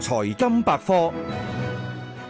財金百科：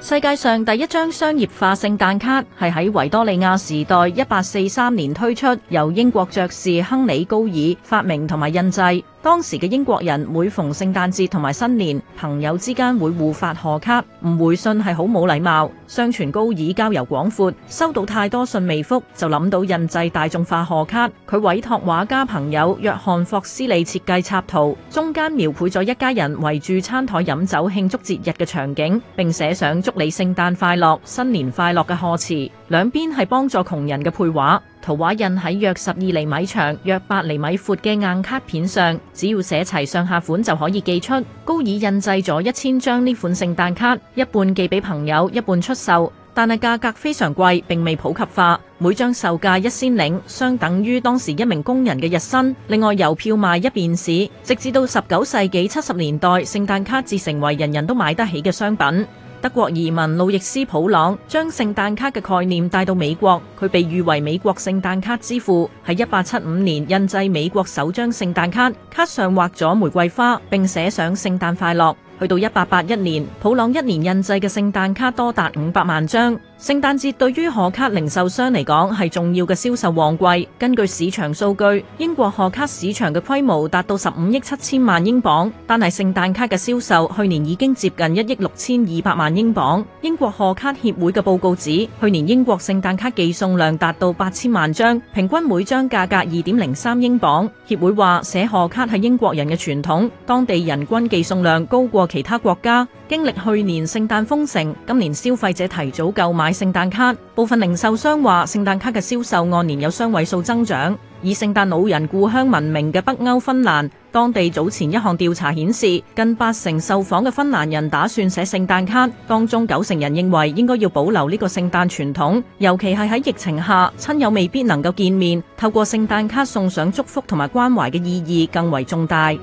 世界上第一張商業化聖誕卡係喺維多利亞時代一八四三年推出，由英國爵士亨利·高爾發明同埋印製。當時嘅英國人每逢聖誕節同埋新年，朋友之間會互發賀卡，唔回信係好冇禮貌。相傳高爾交遊廣闊，收到太多信未覆，就諗到印製大眾化賀卡。佢委託畫家朋友約翰霍斯利設計插圖，中間描繪咗一家人圍住餐台飲酒慶祝節日嘅場景，並寫上祝你聖誕快樂、新年快樂嘅賀詞。兩邊係幫助窮人嘅配畫。圖畫印喺約十二厘米長、約八厘米闊嘅硬卡片上，只要寫齊上下款就可以寄出。高爾印製咗一千張呢款聖誕卡，一半寄俾朋友，一半出售，但係價格非常貴，並未普及化。每張售價一先令，相等於當時一名工人嘅日薪。另外郵票賣一便士，直至到十九世紀七十年代，聖誕卡至成為人人都買得起嘅商品。德國移民路易斯·普朗將聖誕卡嘅概念帶到美國，佢被譽為美國聖誕卡之父。喺一八七五年印製美國首張聖誕卡，卡上畫咗玫瑰花，並寫上聖誕快樂。去到一八八一年，普朗一年印製嘅聖誕卡多達五百萬張。聖誕節對於賀卡零售商嚟講係重要嘅銷售旺季。根據市場數據，英國賀卡市場嘅規模達到十五億七千萬英鎊，但係聖誕卡嘅銷售去年已經接近一億六千二百萬英鎊。英國賀卡協會嘅報告指，去年英國聖誕卡寄送量達到八千萬張，平均每張價格二點零三英鎊。協會話寫賀卡係英國人嘅傳統，當地人均寄送量高過其他國家。經歷去年聖誕封城，今年消費者提早購買。聖誕卡部分零售商話，聖誕卡嘅銷售按年有雙位數增長。以聖誕老人故鄉聞名嘅北歐芬蘭，當地早前一項調查顯示，近八成受訪嘅芬蘭人打算寫聖誕卡，當中九成人認為應該要保留呢個聖誕傳統。尤其係喺疫情下，親友未必能夠見面，透過聖誕卡送上祝福同埋關懷嘅意義更為重大。